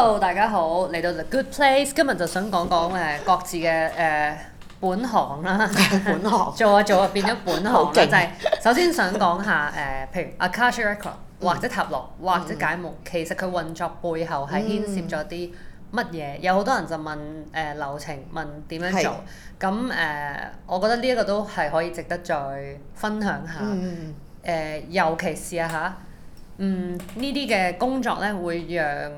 Hello，大家好，嚟到 The Good Place，今日就想講講誒各自嘅誒本行啦，本行 做啊做啊，變咗本行啦， 害就係首先想講下誒、呃，譬如 Akashic Record 或者塔羅、嗯、或者解夢，其實佢運作背後係牽涉咗啲乜嘢？嗯、有好多人就問誒、呃、流程，問點樣做咁誒是、呃？我覺得呢一個都係可以值得再分享下誒、嗯呃，尤其係啊嚇嗯呢啲嘅工作咧，會讓。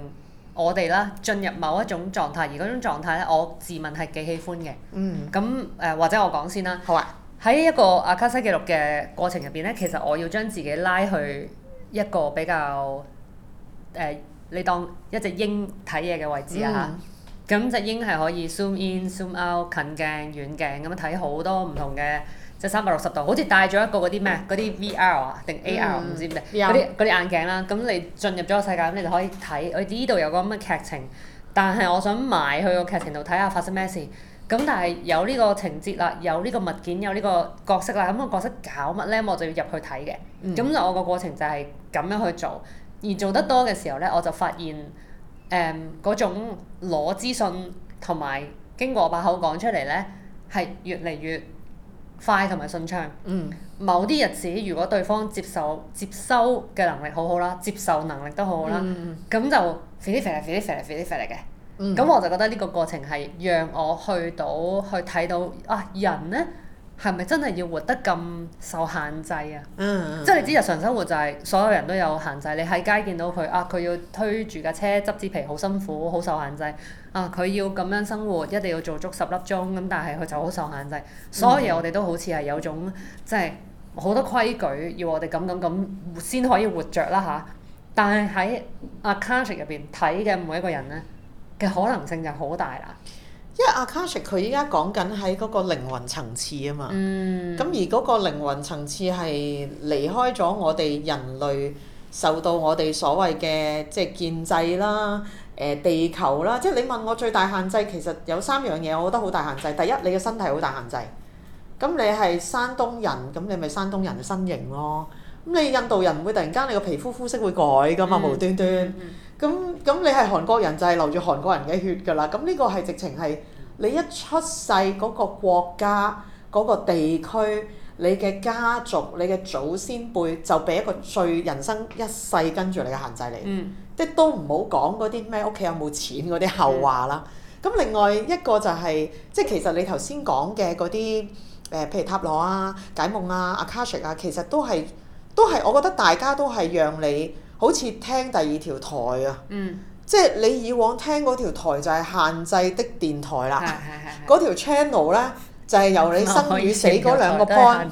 我哋啦，進入某一種狀態，而嗰種狀態咧，我自問係幾喜歡嘅。嗯。咁誒、呃，或者我講先啦。好啊。喺一個阿卡西記錄嘅過程入邊咧，其實我要將自己拉去一個比較誒、呃，你當一隻鷹睇嘢嘅位置啊嚇。咁、嗯、隻鷹係可以 zoom in、zoom out，近鏡、遠鏡咁樣睇好多唔同嘅。即三百六十度，好似戴咗一個嗰啲咩嗰啲 VR 啊？定 AR 唔、嗯、知唔知，啲嗰啲眼鏡啦，咁你進入咗個世界，咁你就可以睇我呢度有個乜劇情，但係我想埋去個劇情度睇下發生咩事。咁但係有呢個情節啦，有呢個物件，有呢個角色啦，咁、個角色搞乜咧，我就要入去睇嘅。咁、嗯、我個過程就係咁樣去做，而做得多嘅時候咧，我就發現誒嗰、嗯、種攞資訊同埋經過把口講出嚟咧，係越嚟越～快同埋順暢，嗯、某啲日子如果對方接受接收嘅能力好好啦，接受能力都好好啦，咁、嗯、就肥啲肥嚟，肥啲肥嚟，肥啲肥嚟嘅，咁我就覺得呢個過程係讓我去到去睇到啊人呢。嗯係咪真係要活得咁受限制啊？嗯、即係你知，日常生活就係所有人都有限制。你喺街見到佢啊，佢要推住架車執紙皮，好辛苦，好受限制。啊，佢要咁樣生活，一定要做足十粒鐘咁，但係佢就好受限制。所有嘢我哋都好似係有種、嗯、即係好多規矩，要我哋咁咁咁先可以活着啦吓，但係喺阿卡西入邊睇嘅每一個人咧嘅可能性就好大啦。因為阿卡西佢依家講緊喺嗰個靈魂層次啊嘛，咁、嗯、而嗰個靈魂層次係離開咗我哋人類受到我哋所謂嘅即係建制啦，誒、呃、地球啦，即係你問我最大限制，其實有三樣嘢，我覺得好大限制。第一，你嘅身體好大限制。咁你係山東人，咁你咪山東人嘅身形咯。咁你印度人唔會突然間你個皮膚膚色會改㗎嘛，嗯、無端端。嗯嗯嗯咁咁你係韓國人就係、是、流住韓國人嘅血㗎啦，咁呢個係直情係你一出世嗰、那個國家嗰、那個地區，你嘅家族你嘅祖先輩就俾一個最人生一世跟住你嘅限制嚟，即都唔好講嗰啲咩屋企有冇錢嗰啲後話啦。咁、嗯、另外一個就係、是、即係其實你頭先講嘅嗰啲誒，譬如塔羅啊、解夢啊、阿卡西啊，其實都係都係我覺得大家都係讓你。好似聽第二條台啊！嗯、即係你以往聽嗰條台就係限制的電台啦。嗰條 channel 咧就係由你生與死嗰、哦、兩個 point，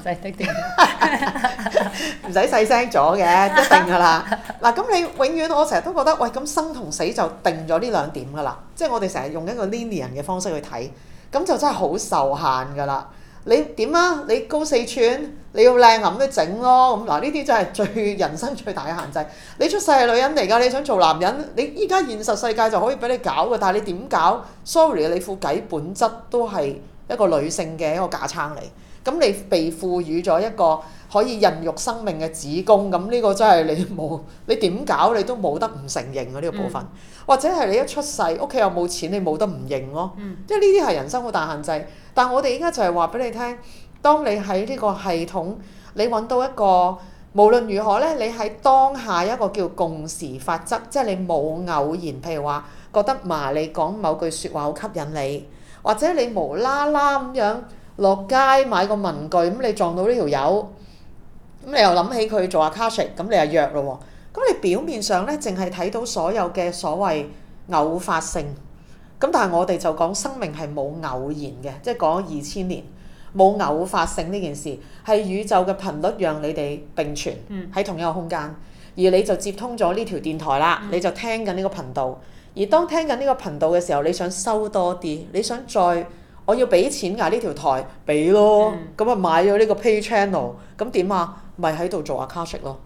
唔使細聲咗嘅，一定噶啦。嗱咁 你永遠我成日都覺得，喂咁生同死就定咗呢兩點噶啦。即、就、係、係、我哋成日用一個 linear 嘅方式去睇，咁就真係好受限噶啦。你點啊？你高四寸，你要靚銀去整咯。咁嗱，呢啲真係最人生最大嘅限制。你出世係女人嚟㗎，你想做男人？你依家現實世界就可以俾你搞㗎，但係你點搞？Sorry，你副偈本質都係一個女性嘅一個架撐嚟。咁你被賦予咗一個可以孕育生命嘅子宮，咁呢個真係你冇，你點搞你都冇得唔承認㗎呢、呢個部分。嗯、或者係你一出世，屋企有冇錢，你冇得唔認咯。即係呢啲係人生好大限制。但我哋依家就係話俾你聽，當你喺呢個系統，你揾到一個，無論如何咧，你喺當下一個叫共時法則，即係你冇偶然。譬如話，覺得嘛你講某句説話好吸引你，或者你無啦啦咁樣落街買個文具，咁你撞到呢條友，咁你又諗起佢做阿卡西，咁你又約咯喎。咁你表面上咧，淨係睇到所有嘅所謂偶發性。咁但係我哋就講生命係冇偶然嘅，即係講二千年冇偶發性呢件事，係宇宙嘅頻率讓你哋並存喺同一個空間，而你就接通咗呢條電台啦，你就聽緊呢個頻道。而當聽緊呢個頻道嘅時候，你想收多啲，你想再我要俾錢㗎呢條台，俾咯，咁啊買咗呢個 pay channel，咁點啊？咪喺度做下阿卡西咯。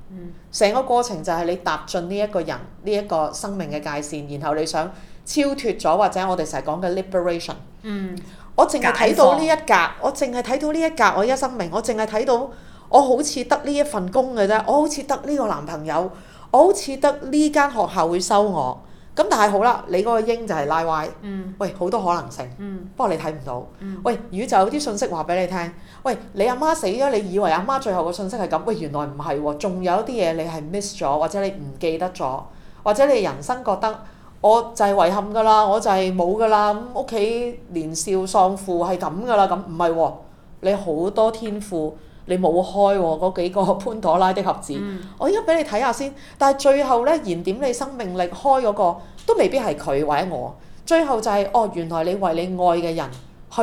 成個過程就係你踏進呢一個人呢一個生命嘅界線，然後你想。超脫咗，或者我哋成日講嘅 liberation，、嗯、我淨係睇到呢一格，我淨係睇到呢一格，我一生明，我淨係睇到我好似得呢一份工嘅啫，我好似得呢個男朋友，我好似得呢間學校會收我。咁但係好啦，你嗰個鷹就係賴壞。嗯、喂，好多可能性，嗯、不過你睇唔到。嗯、喂，宇宙有啲信息話俾你聽。喂，你阿媽死咗，你以為阿媽最後嘅信息係咁？喂，原來唔係喎，仲有啲嘢你係 miss 咗，或者你唔記得咗，或者你人生覺得。我就係遺憾㗎啦，我就係冇㗎啦。咁屋企年少喪父係咁㗎啦，咁唔係喎。你好多天賦你冇開喎、哦，嗰幾個潘多拉的盒子。嗯、我依家俾你睇下先。但係最後咧，燃點你生命力，開嗰、嗰個都未必係佢或者我。最後就係、係、哦，原來你為你愛嘅人去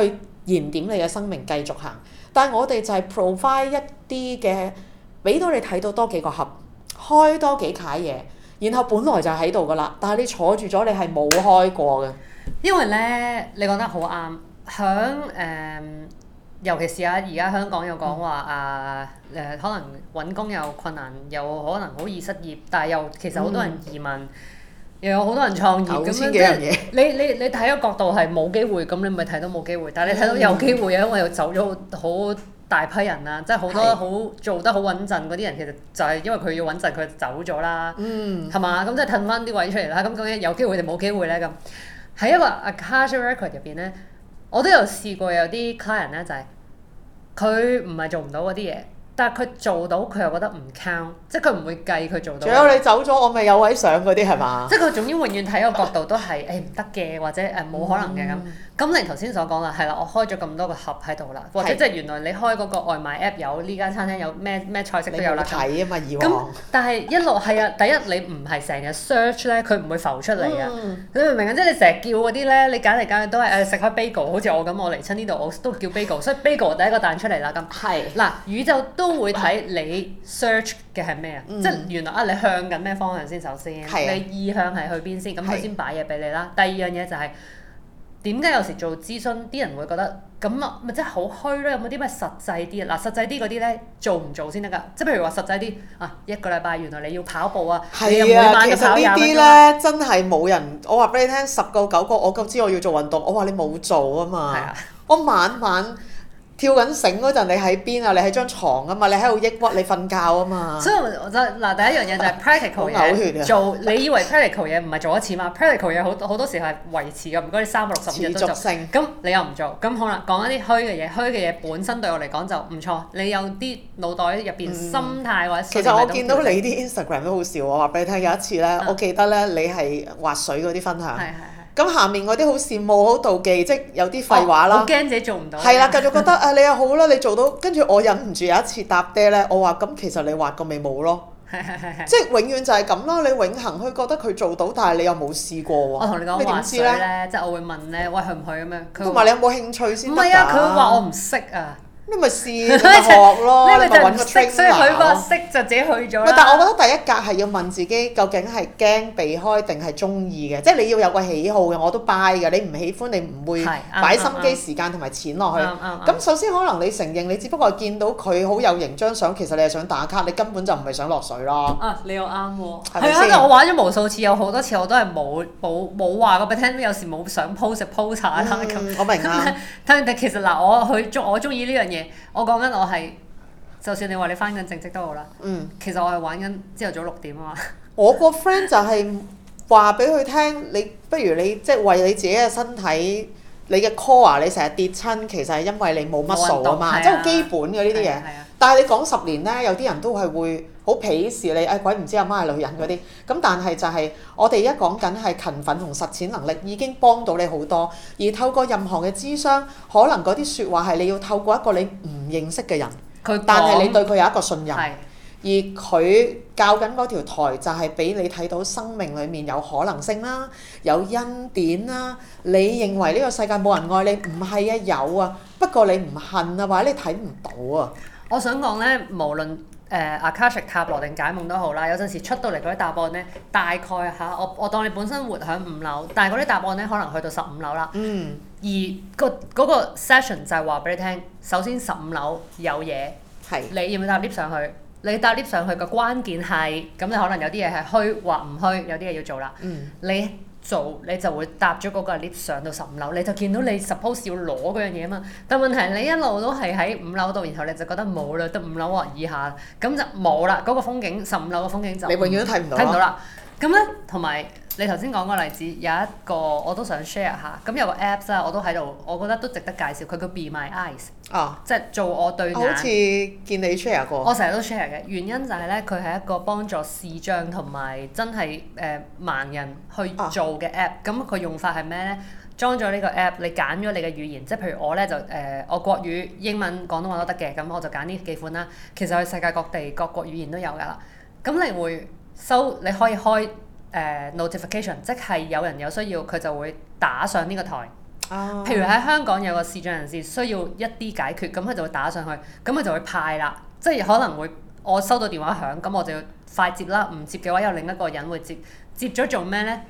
燃點你嘅生命，繼續行。但係我哋就係 provide 一啲嘅，俾到你睇到多幾個盒，開多幾攋嘢。然後本來就喺度噶啦，但係你坐住咗，你係冇開過嘅。因為呢，你講得好啱，響誒、呃，尤其是啊，而家香港又講話啊，誒、嗯呃，可能揾工又困難，又可能好易失業，但係又其實好多人移民，嗯、又有好多人創業咁樣。即係你你你睇個角度係冇機會，咁你咪睇到冇機會。但係你睇到有機會啊，因為又走咗好，大批人啦，即係好多好做得好穩陣嗰啲人，的其實就係因為佢要穩陣，佢走咗啦，係嘛、嗯？咁即係褪翻啲位出嚟啦。咁究竟有機會定冇機會咧？咁喺一個 Akashic record 入邊咧，我都有試過有啲 client 咧，就係佢唔係做唔到嗰啲嘢，但係佢做到佢又覺得唔 count，即係佢唔會計佢做到。只有你走咗，我咪有位上嗰啲係嘛？即係佢總之永遠睇個角度都係誒唔得嘅，或者誒冇、呃、可能嘅咁。嗯。咁你頭先所講啦，係啦，我開咗咁多個盒喺度啦，是或者即係原來你開嗰個外賣 app 有呢間餐廳有咩咩菜式都有啦。你睇嘛，二王。咁但係一落係啊，第一你唔係成日 search 咧，佢唔會浮出嚟、嗯、啊。你明唔明啊？即係你成日叫嗰啲咧，你揀嚟揀去都係誒食開 bagel，好似我咁，我嚟親呢度我都叫 bagel，所以 bagel 第一個彈出嚟是啦。咁係嗱，宇宙都會睇你 search 嘅係咩啊？嗯、即係原來啊，你向緊咩方向先？首先你意向係去邊先？咁佢先擺嘢俾你啦。你是第二樣嘢就係、是。點解有時做諮詢啲人會覺得咁啊，咪真係好虛咧？有冇啲咩實際啲嗱，實際啲嗰啲咧，做唔做先得噶？即係譬如話實際啲啊，一個禮拜原來你要跑步啊，你每晚要跑廿分鐘。係啊，其實呢啲咧真係冇人。我話俾你聽，十個九個我夠知我要做運動，我話你冇做啊嘛。係啊，我晚晚。跳緊繩嗰陣，你喺邊啊？你喺張床啊嘛，你喺度抑鬱，你瞓覺啊嘛。所以我就嗱，第一樣嘢就 practical 嘢 做， 你以為 practical 嘢唔係做一次嘛 ？practical 嘢好多 好多時候係維持嘅，唔該你三六十五日都做。持續性。咁你又唔做，咁好啦，講一啲虛嘅嘢，虛嘅嘢本身對我嚟講就唔錯。你有啲腦袋入邊心態或者、嗯。其實我見到你啲 Instagram 都好笑，我話俾你聽，有一次咧，我記得咧，你係滑水嗰啲分享。係係、嗯 咁下面嗰啲好羨慕，好妒忌，即係有啲廢話啦。好驚、哦、自己做唔到。係啦，繼續覺得 啊，你又好啦，你做到，跟住我忍唔住有一次搭爹咧，我話：咁、嗯、其實你畫過咪冇咯？ 即係永遠就係咁啦，你永恆去覺得佢做到，但係你又冇試過喎。我同你講，你點知咧，即係我會問咧：喂，去唔去咁樣？同埋你有冇興趣先？唔係啊，佢會話我唔識啊。你咪試 你學咯，你咪揾個精，所以佢嗰個識就自己去咗，但係我覺得第一格係要問自己究竟係驚避開定係中意嘅，即係你要有個喜好嘅，我都 buy 㗎。你唔喜歡，你唔會擺心機對、嗯嗯、時間同埋錢落去。咁、嗯嗯、首先可能你承認你只不過見到佢好有型張相，其實你係想打卡，你根本就唔係想落水咯。啊、你又啱喎、哦，係吧啊，因為我玩咗無數次，有好多次我都係冇冇冇話俾聽有時冇想 post post、 嗯、我明啦、啊。聽， 但其實嗱，我佢中我中意呢樣我講緊我係，就算你話你翻緊正職都好啦。嗯，其實我係玩緊朝頭早六點啊嘛。我個 friend 就係話俾佢聽， 你不如你即係、就是、為你自己嘅身體，你嘅 core 啊，你成日跌親，其實係因為你冇乜數啊嘛。即係基本嘅呢啲嘢。但係你講十年咧，有啲人都係會。好鄙視你，哎鬼唔知阿媽係女人嗰啲，咁、嗯、但係就係、是、我哋而家講緊係勤奮同實踐能力已經幫到你好多，而透過任何嘅諮商，可能嗰啲説話係你要透過一個你唔認識嘅人，說但係你對佢有一個信任，是而佢教緊嗰條台就係俾你睇到生命裡面有可能性啦，有恩典啦。你認為呢個世界冇人愛你，唔係啊？有啊，不過你唔恨啊，或者你睇唔到啊。我想講咧，無論誒、呃、阿卡西塔羅定解夢都好啦，有陣時出到嚟嗰啲答案咧，大概吓、啊、我我當你本身活喺五樓，但係嗰啲答案咧可能去到十五樓啦。嗯。而、那個嗰、那個 session 就係話俾你聽，首先十五樓有嘢，係是你要唔要搭 lift 上去？你搭 lift 上去嘅關鍵係，咁你可能有啲嘢係虛或唔虛，有啲嘢要做啦。嗯。你。做你就會搭咗嗰個 lift 上到十五樓，你就見到你 suppose 要攞嗰樣嘢啊嘛。但問題你一路都係喺五樓度，然後你就覺得冇啦，得五樓喎，以下咁就冇啦。嗰個風景，十五樓嘅風景就你永遠都睇唔到。睇唔到啦。咁咧同埋。你頭先講個例子有一個我都想 share 下，咁有個 apps 啊，我都喺度，我覺得都值得介紹。佢叫 Be My Eyes、啊、即係做我對眼。好似見你 share 過。我成日都 share 嘅，原因就係咧，佢係一個幫助視障同埋真係誒、呃、盲人去做嘅 app、啊。咁佢、嗯、用法係咩咧？裝咗呢個 app，你揀咗你嘅語言，即係譬如我咧就誒、呃、我國語、英文、廣東話都得嘅，咁我就揀呢幾款啦。其實喺世界各地各國語言都有㗎啦。咁你會收，你可以開。誒、uh, notification 即係有人有需要，佢就會打上呢個台。Oh. 譬如喺香港有個視障人士需要一啲解決，咁佢就會打上去，咁佢就會派啦。即係可能會我收到電話響，咁我就要快接啦。唔接嘅話，有另一個人會接。接咗做咩呢？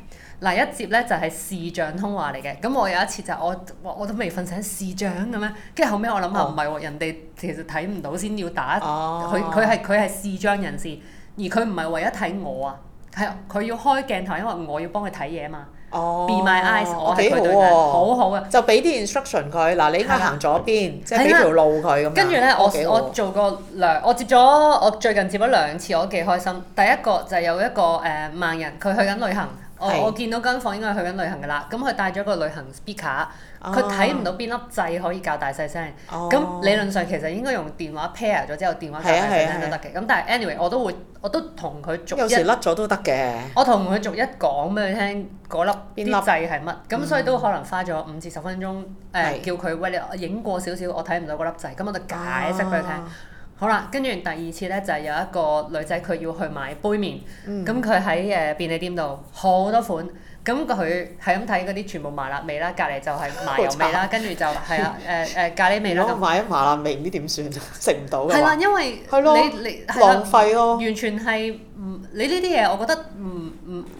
嗱、啊，一接呢就係視障通話嚟嘅。咁我有一次就係、我我都未瞓醒，視障咁樣。跟住後尾我諗下唔係喎，oh. 人哋其實睇唔到先要打。佢佢係佢係視障人士，而佢唔係唯一睇我啊。係，佢要開鏡頭，因為我要幫佢睇嘢啊嘛。Oh, Be my eyes，我係佢對眼、oh, okay. 好好啊。就俾啲 instruction 佢，嗱，你而家行左邊，Yeah. 即係俾條路佢咁樣。跟住咧，oh, 我 okay. 我做過兩，我接咗我最近接咗兩次，我都幾開心。第一個就有一個誒、呃、盲人，佢去緊旅行。Mm hmm. Oh, 是我我見到間房應該係去緊旅行㗎啦，咁佢帶咗個旅行 speaker，佢睇唔到邊粒掣可以較大細聲。咁、oh. 理論上其實應該用電話 pair 咗之後電話較大細聲都得嘅。咁、啊啊啊、但係 anyway 我都會我都同佢逐一。有時甩咗都得嘅。我同佢逐一講俾佢聽嗰粒啲掣係乜，咁個所以都可能花咗五至十分鐘誒、嗯呃，叫佢，喂，你影過少少，我睇唔到嗰粒掣，咁、啊、我就解釋俾佢聽。啊。好啦，跟住第二次咧就係、是、有一個女仔佢要去買杯麵，咁佢喺誒便利店度好多款，咁佢係咁睇嗰啲全部麻辣味啦，隔離就係麻油味啦，跟住慘就係啊誒誒咖喱味啦。 買咗麻辣味，唔知點算，食唔到。係啦，因為你啦你浪費啦你、啊，完全係唔你呢啲嘢，我覺得唔。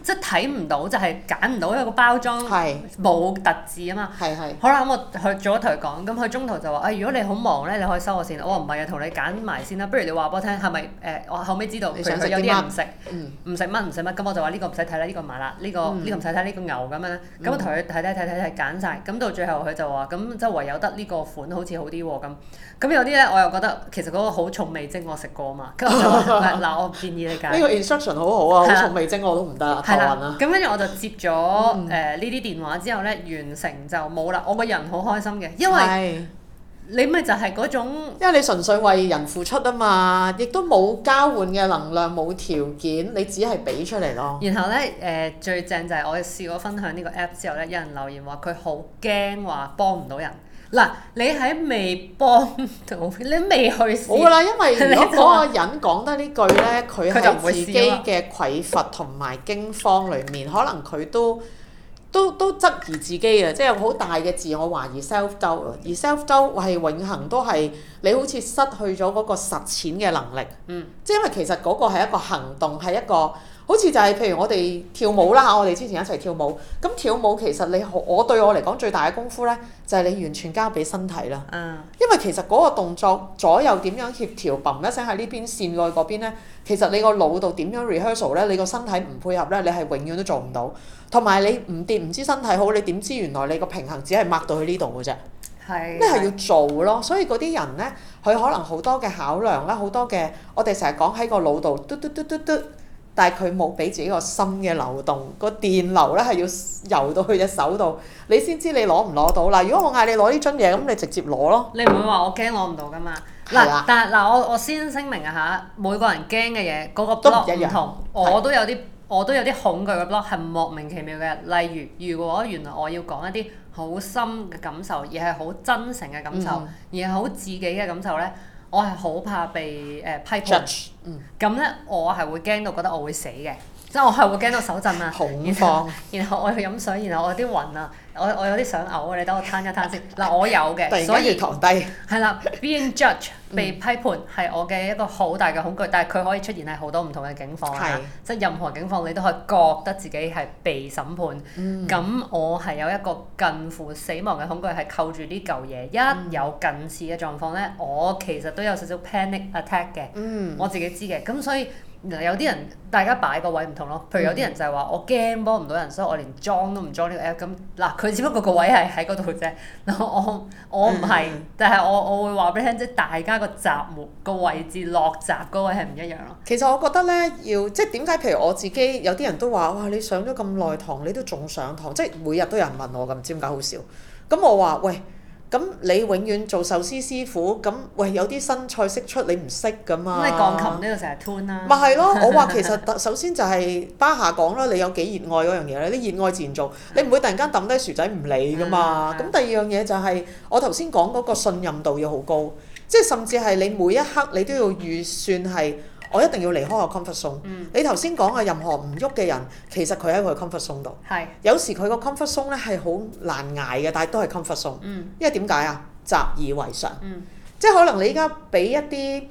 即係睇唔到就係揀唔到，因為個包裝冇特質啊嘛。係係。好啦，我去咗同佢講，咁佢中途就話，如果你好忙咧，你可以收我先。我話唔係啊，同你揀埋先啦。不如你話俾我聽，係咪誒？我後尾知道佢有啲唔食，唔食乜唔食乜。咁我就話呢個唔使睇啦，呢個麻辣，呢個呢個唔使睇，呢個牛咁樣。咁我同佢睇睇睇睇睇揀曬。咁到最後佢就話，咁即係唯有得呢個款好似好啲喎。咁咁有啲咧，我又覺得其實嗰個好重味精，我食過啊嘛。咁就嗱，我唔建議你揀。呢個 instruction 好好啊，好重味精我都唔得係啦，咁跟住我就接咗誒呢啲電話之後呢，完成就冇啦。我個人好開心嘅，因為你咪就係嗰種，因為你純粹為人付出啊嘛，亦都冇交換嘅能量，冇條件，你只係俾出嚟咯。然後呢，誒、呃、最正就係我試過分享呢個 app 之後呢，有人留言話佢好驚話幫唔到人。嗱，你喺未幫到，你未去試。好噶啦，因為如果嗰個人講得呢句呢，佢係 說自己嘅匱乏同埋驚慌裡面，可能佢都都都質疑自己啊！即係好大嘅自我懷疑 self doubt，而 self doubt 係永恆都係你好似失去咗嗰個實踐嘅能力。嗯，即係因為其實嗰個係一個行動，係一個。好似就係譬如我哋跳舞啦，我哋之前一齊跳舞。咁跳舞其實你我對我嚟講最大嘅功夫呢，就係你完全交俾身體啦。因為其實嗰個動作左右點樣協調，砰一聲喺呢邊線內嗰邊呢，其實你個腦度點樣 rehearsal 呢？你個身體唔配合呢，你係永遠都做唔到。同埋你唔掂唔知身體好，你點知原來你個平衡只係抹到去呢度嘅啫。你係要做咯。所以嗰啲人呢，佢可能好多嘅考量啦，好多嘅，我哋成日講喺個腦度嘟嘟嘟嘟嘟。但係佢冇俾自己個心嘅流動，個電流咧係要遊到去隻手度，你先知你攞唔攞到啦。如果我嗌你攞呢樽嘢，咁你直接攞咯。你唔會話我驚攞唔到噶嘛？嗱是、啊，但係嗱，我我先聲明啊嚇，每個人驚嘅嘢嗰個 block 都唔唔同。我都有啲是我都有啲恐懼嘅 block 係莫名其妙嘅，例如如果原來我要講一啲好深嘅感受，而係好真誠嘅感受，而係好自己嘅感受咧。我係好怕被誒、呃，批判，咁咧 Judge.、嗯、我係會驚到覺得我會死嘅。即係我係會驚到手震啊！恐慌，然後我去飲水，然後我有啲暈啊，我我有啲想嘔啊！你等我攤一攤先。嗱，我有嘅，所以堂係啦，being judged 被批判係我嘅一個好大嘅恐懼，但係佢可以出現喺好多唔同嘅境況啊，即係任何境況你都可以覺得自己係被審判。咁我係有一個近乎死亡嘅恐懼係扣住啲舊嘢，一有近似嘅狀況咧，我其實都有少少 panic attack 嘅，我自己知嘅。咁所以有啲人大家擺個位唔同咯。譬如有啲人就係話我驚幫唔到人，所以我連裝都唔裝呢個 app。咁嗱，佢只不過個位係喺嗰度啫。我我唔係，但係我我會話俾你聽，即係大家個閘門個位置、嗯、閘位置落閘嗰位係唔一樣咯。其實我覺得咧，要即係點解？譬如我自己有啲人都話：哇，你上咗咁耐堂，你都仲上堂，即係每日都有人問我咁，唔知點解好少。咁我話喂。咁、嗯、你永遠做壽司師傅，咁、嗯、喂有啲新菜式出你唔識噶嘛？咁你鋼琴呢度成日 turn 啦。咪係咯，我話其實首先就係巴夏講啦，你有幾熱愛嗰樣嘢咧？你熱愛自然做，你唔會突然間抌低薯仔唔理噶嘛。咁第二樣嘢就係我頭先講嗰個信任度要好高，即係甚至係你每一刻你都要預算係、嗯。我一定要離開個 comfort zone。嗯、你頭先講嘅任何唔喐嘅人，其實佢喺佢 comfort zone 度。係。有時佢個 comfort zone 咧係好難捱嘅，但係都係 comfort zone。因為點解啊？習以為常。嗯、即係可能你而家俾一啲誒、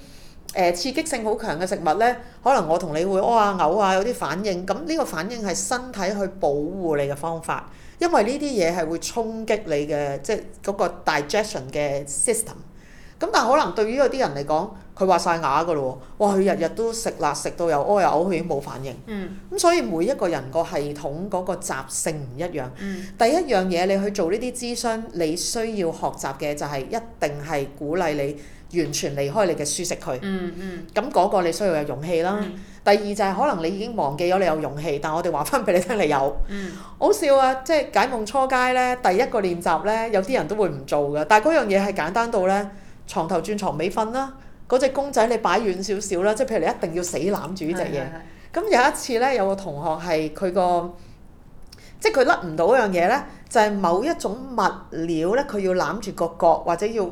呃、刺激性好強嘅食物咧，可能我同你會屙啊嘔啊，有啲反應。咁、嗯、呢、呢個反應係身體去保護你嘅方法，因為呢啲嘢係會衝擊你嘅即係嗰、嗰個 digestion 嘅 system。咁、嗯、但係可能對於有啲人嚟講，佢話晒牙噶咯喎！哇！佢日日都食辣，食到又屙又嘔，佢已經冇反應。嗯。咁所以每一個人個系統嗰個習性唔一樣。嗯。第一樣嘢，你去做呢啲諮詢，你需要學習嘅就係一定係鼓勵你完全離開你嘅舒適區。嗯。嗯嗯。咁嗰個你需要有勇氣啦。嗯。第二就係可能你已經忘記咗你有勇氣，但係我哋話翻俾你聽，你有。嗯。好笑啊！即係解夢初階咧，第一個練習咧，有啲人都會唔做噶，但係嗰樣嘢係簡單到咧，床頭轉床尾瞓啦。嗰隻公仔你擺遠少少啦，即係譬如你一定要死攬住呢隻嘢。咁是有一次咧，有個同學係佢個，即係佢甩唔到嗰樣嘢咧，就係、是、某一種物料咧，佢要攬住個角或者要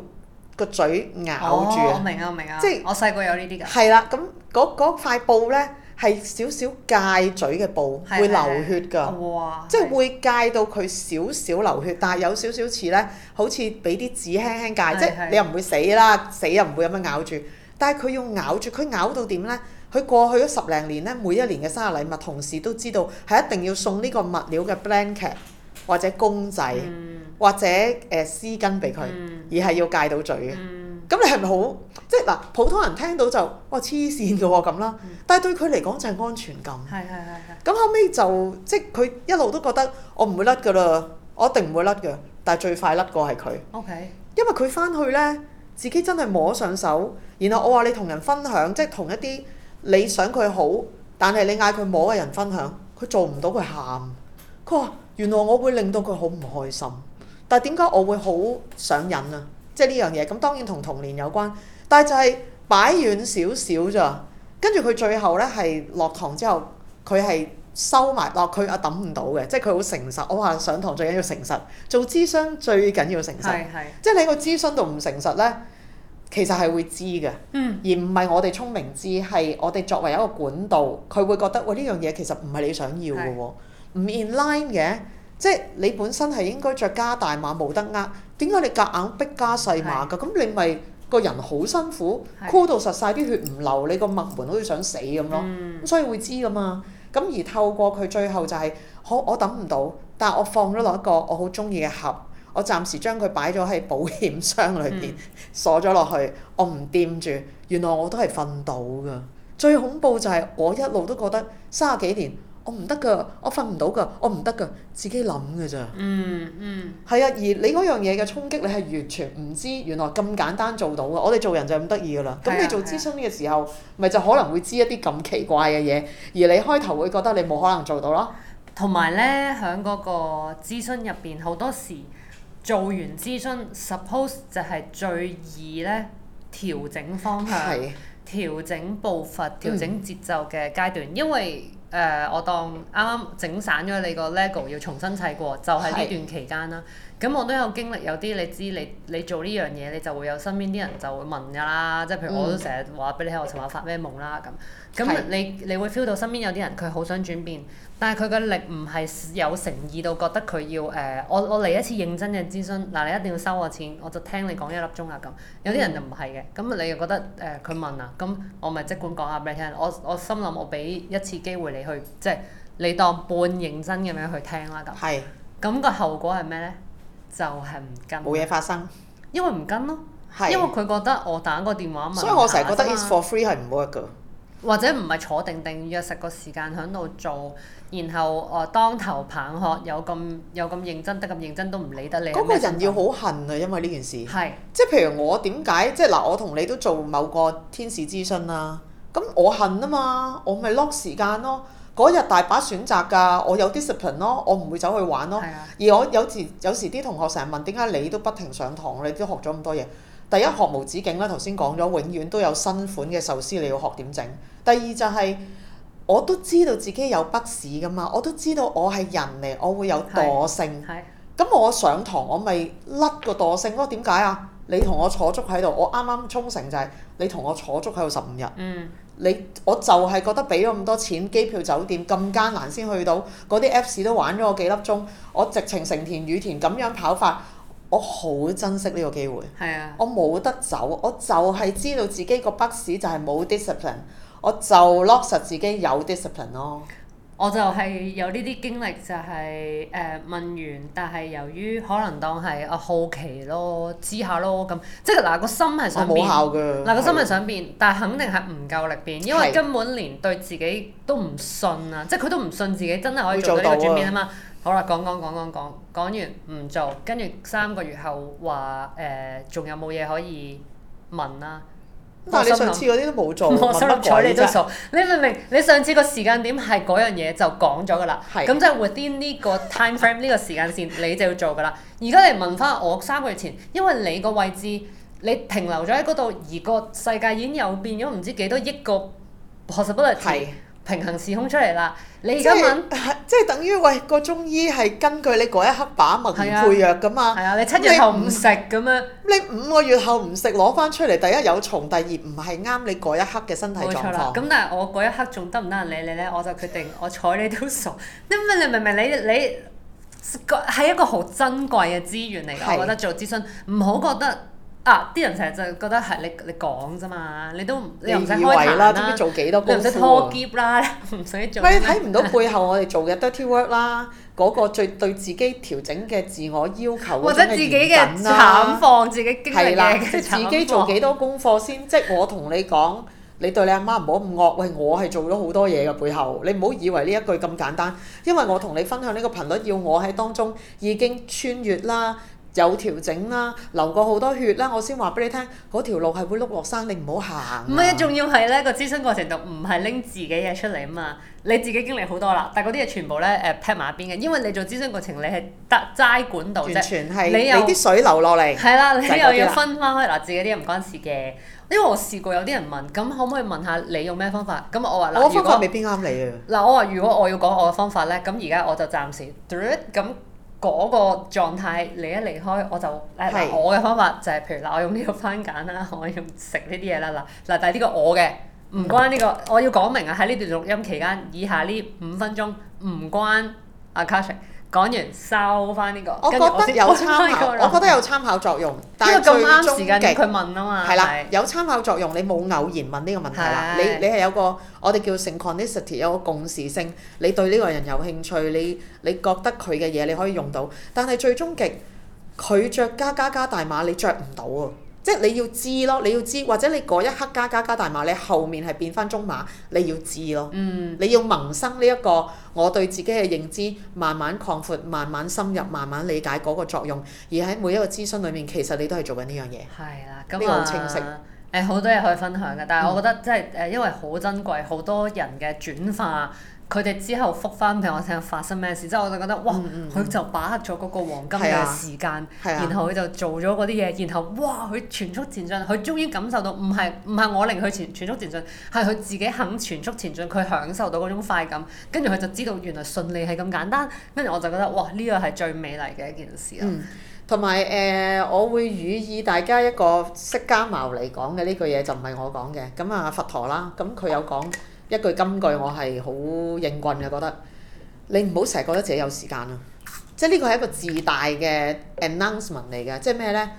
個嘴咬住、哦。我明啊，我明啊。即係我細個有呢啲。係啦，咁嗰塊布咧。係少少戒嘴嘅布，是是是會流血㗎，哦、是是即係會戒到佢少少流血，但係有少少似咧，好似俾啲紙輕輕戒。是是即係你又唔會死啦，死又唔會咁樣咬住。但係佢要咬住，佢咬到點咧？佢過去咗十零年咧，每一年嘅生日禮物，同事都知道係一定要送呢個物料嘅 blanket 或者公仔、嗯、或者誒、呃、絲巾俾佢，嗯、而係要戒到嘴嘅。咁、嗯嗯、你係咪好？即係嗱，普通人聽到就哇，黐線嘅喎咁啦。但係對佢嚟講就係安全感。係係係，咁後尾就即係佢一路都覺得我唔會甩㗎啦，我一定唔會甩㗎。但係最快甩過係佢。OK。因為佢返去咧，自己真係摸上手，然後我話你同人分享，即係同一啲你想佢好，但係你嗌佢摸嘅人分享，佢做唔到，佢喊。佢話原來我會令到佢好唔開心，但係點解我會好上癮啊？即係呢樣嘢咁，當然同童年有關。但係就係擺遠少少咋，跟住佢最後咧係落堂之後，佢係收埋，落、哦，佢啊抌唔到嘅，即係佢好誠實。我話上堂最緊要誠實，做諮詢最緊要誠實。係係，即係你喺個諮詢度唔誠實咧，其實係會知嘅。嗯、而唔係我哋聰明知，係我哋作為一個管道，佢會覺得喂，呢樣嘢其實唔係你想要嘅喎，唔是 in line 嘅。即係你本身係應該着加大碼冇得呃，點解你夾硬逼加細碼㗎？咁你咪～是個人好辛苦，箍的到實晒，啲血唔流，你個脈門好似想死咁咯，咁、嗯、所以會知噶嘛。咁而透過佢最後就係、是，好我等唔到，但係我放咗落一個我好中意嘅盒，我暫時將佢擺咗喺保險箱裏邊、嗯、鎖咗落去，我唔掂住，原來我都係瞓到噶。最恐怖就係我一路都覺得三十幾年。我唔得噶，我瞓唔到噶，我唔得噶，自己諗噶咋。嗯嗯。係啊，而你嗰樣嘢嘅衝擊，你係完全唔知原來咁簡單做到嘅。我哋做人就咁得意噶啦。係咁、啊、你做諮詢嘅時候，咪、啊啊、就可能會知一啲咁奇怪嘅嘢，而你開頭會覺得你冇可能做到咯。同埋呢，喺嗰個諮詢入邊，好多時做完諮詢，suppose 就係最易呢調整方向、啊、調整步伐、調整節奏嘅階段，嗯、因為。誒、呃，我當啱啱整散咗你個 Lego，要重新砌過，就係呢段期間啦。咁我都有經歷，有啲你知你你做呢樣嘢，你就會有身邊啲人就會問噶啦。即係譬如我都成日話俾你聽，嗯、我尋晚發咩夢啦咁。咁你是你會 feel 到身邊有啲人佢好想轉變，但係佢嘅力唔係有誠意到覺得佢要誒、呃，我我嚟一次認真嘅諮詢，嗱、呃、你一定要收我錢，我就聽你講一粒鐘啊咁。有啲人就唔係嘅，咁、嗯、你又覺得誒佢、呃、問啊，咁我咪即管講下俾你聽。我我，我心諗我俾一次機會你去，即係你當半認真咁樣去聽啦咁。係。咁是個後果係咩呢？就係唔跟，冇嘢發生。因為唔跟咯，是因為佢覺得我打個電話問，所以我成日覺得 It's for free 係唔 work 㗎。或者唔係坐定定約實個時間喺度做，然後我、呃、當頭棒喝，有咁有咁認真，得咁認真都唔理得你。嗰個人要好恨啊，因為呢件事。係是。即係譬如我點解？即係嗱，我同你都做某個天使諮詢啦、啊。咁我恨啊嘛，嗯、我咪 lock 時間咯。嗰日大把選擇㗎，我有 discipline 咯，我唔會走去玩咯。啊、而我有時有時啲同學成日問，點解你都不停上堂，你都學咗咁多嘢。第一學無止境啦，頭先講咗，永遠都有新款嘅壽司你要學點整。第二就係、是、我都知道自己有筆屎㗎嘛，我都知道我係人嚟，我會有惰性。係、啊。咁、啊、我上堂我咪甩個惰性咯？點解啊？你同我坐足喺度，我啱啱沖繩就係、是、你同我坐足喺度十五日。嗯你，我就係覺得俾咗咁多錢機票酒店咁艱難先去到，嗰啲 Apps 都玩咗我幾粒鐘，我直情成田羽田咁樣跑法，我好珍惜呢個機會。係啊，我冇得走，我就係知道自己個 bus 就係冇 discipline，我就 lock 實自己有 discipline 咯。我就係有呢啲經歷、就係，就係誒問完，但係由於可能當係啊好奇咯，知下咯咁，即係嗱、嗰個心係想變，嗱個心係想變，是的 但係肯定係唔夠力變，因為根本連對自己都唔信啊！是的 即係佢都唔信自己真係可以做到呢個轉變啊嘛！好啦，講講講講講講完，唔做，跟住三個月後話誒仲有冇嘢可以問啊？但你上次嗰啲都冇做，冇修你都做，你明唔明？你上次個時間點係嗰樣嘢就講咗㗎啦，咁的就 within 呢個 time frame 呢 個時間線你就要做㗎啦。而家你問翻我三個月前，因為你個位置你停留咗喺嗰度，而個世界已經又變咗唔知幾多億個，possibility。平行時空出嚟啦！你而家問，即係等於喂個中醫係根據你嗰一刻把脈配藥噶嘛？係啊，啊，你七月後唔食咁樣。你五個月後唔食攞翻出嚟，第一有蟲，第二唔係啱你嗰一刻嘅身體狀況。咁但係我嗰一刻仲得唔得人理你呢？我就決定我睬你都傻。你明明你你係一個好珍貴嘅資源嚟，是我覺得做諮詢唔好覺得、嗯。啊！啲人成日就覺得係你你講咋嘛？你都你又唔使開攤啦，又唔使拖鉛啦，唔使做、啊。喂！睇唔、 哎、到背後我哋做嘅 dirty work 啦，嗰 個最對自己調整嘅自我要求嗰種嚴謹啦、啊、或者自己嘅慘況自己經歷嘅慘況係啦，即係自己做幾多功課先？即係 我同你講，你對你阿媽唔好咁惡。喂，我係做咗好多嘢嘅背後，你唔好以為呢一句咁簡單。因為我同你分享呢個頻率，要我喺當中已經穿越啦。有調整啦，流過好多血啦，我先話俾你聽，嗰條路係會碌落山，你唔好行。唔係，仲要係咧個諮詢過程就唔係拎自己嘢出嚟啊嘛！你自己經歷好多啦，但係嗰啲嘢全部咧誒撇埋一邊嘅，因為你做諮詢過程，你係得齋管道啫。完全係你有啲水流落嚟。係啦，你又要分翻開嗱，自己啲嘢唔關事嘅。因為我試過有啲人問，咁可唔可以問下你用咩方法？咁我話嗱，我方法未必啱你啊。嗱，我話如果我要講我嘅方法咧，咁而家我就暫時咁。嗰個狀態，你一離開我就，嗱是、啊、我嘅方法就係、是，譬如嗱我用呢個番梘啦，我用食呢啲嘢啦，嗱、啊、嗱、啊、但係呢個我嘅，唔關呢、這個，我要講明啊，喺呢段錄音期間，以下呢五分鐘唔關阿、啊、卡西講完收翻呢個，我覺得有參考，我覺得有參考作用。因為咁啱時間，佢問啊嘛，係啦的，的有參考作用。你冇偶然問呢個問題啦的，你你係有個我哋叫 synchronicity 有個共時性。你對呢個人有興趣，你你覺得佢嘅嘢你可以用到，但係最終極，佢着加加加大碼，你着唔到啊。即係你要知咯，你要知，或者你嗰一刻加加加大碼，你後面係變翻中碼，你要知咯。嗯。你要萌生呢一個我對自己嘅認知，慢慢擴闊，慢慢深入，慢慢理解嗰個作用。而喺每一個諮詢裏面，其實你都係做緊呢樣嘢。係啦，咁啊。你好清晰。誒，好多嘢可以分享嘅，但係我覺得即係誒，因為好珍貴，好多人嘅轉化。佢哋之後復翻俾我聽發生咩事，之後我就覺得哇，佢、嗯、就把握咗嗰個黃金嘅時間，啊啊、然後佢就做咗嗰啲嘢，然後哇，佢全速前進，佢終於感受到唔係唔係我令佢全全速前進，係佢自己肯全速前進，佢享受到嗰種快感，跟住佢就知道原來順利係咁簡單，跟住我就覺得哇，呢個係最美麗嘅一件事啦。同埋誒，我會與意大家一個釋迦牟嚟講嘅呢句嘢就唔係我講嘅，咁啊佛陀啦，咁佢有講。嗯一句金句我，我係好應棍嘅覺得，你唔好成日覺得自己有時間啊！即係呢個係一個自大嘅 announcement 嚟嘅，即係咩呢？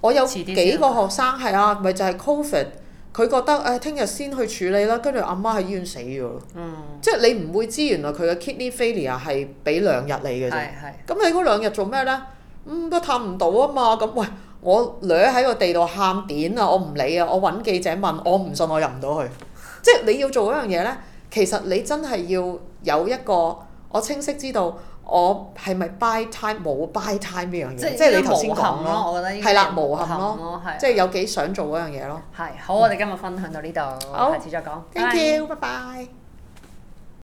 我有幾個學生係啊，咪就係、是、COVID，佢覺得誒聽日先去處理啦，跟住阿媽喺醫院死咗咯。嗯、即係你唔會知原來佢嘅 kidney failure 係俾兩日、嗯、你嘅啫。咁你嗰兩日做咩呢？嗯，都探唔到啊嘛！咁喂，我女喺個地度喊點啊！我唔理啊！我揾記者問，我唔信我入唔到去。嗯即係你要做嗰樣嘢咧，其實你真係要有一個我清晰知道我係咪 buy time 冇 buy time 呢樣嘢，即係你頭先講咯，係啦，無憾咯，的即係有幾想做嗰樣嘢咯。係，好，我哋今日分享到呢度，下次好再講。Thank you，拜拜 bye。Bye bye。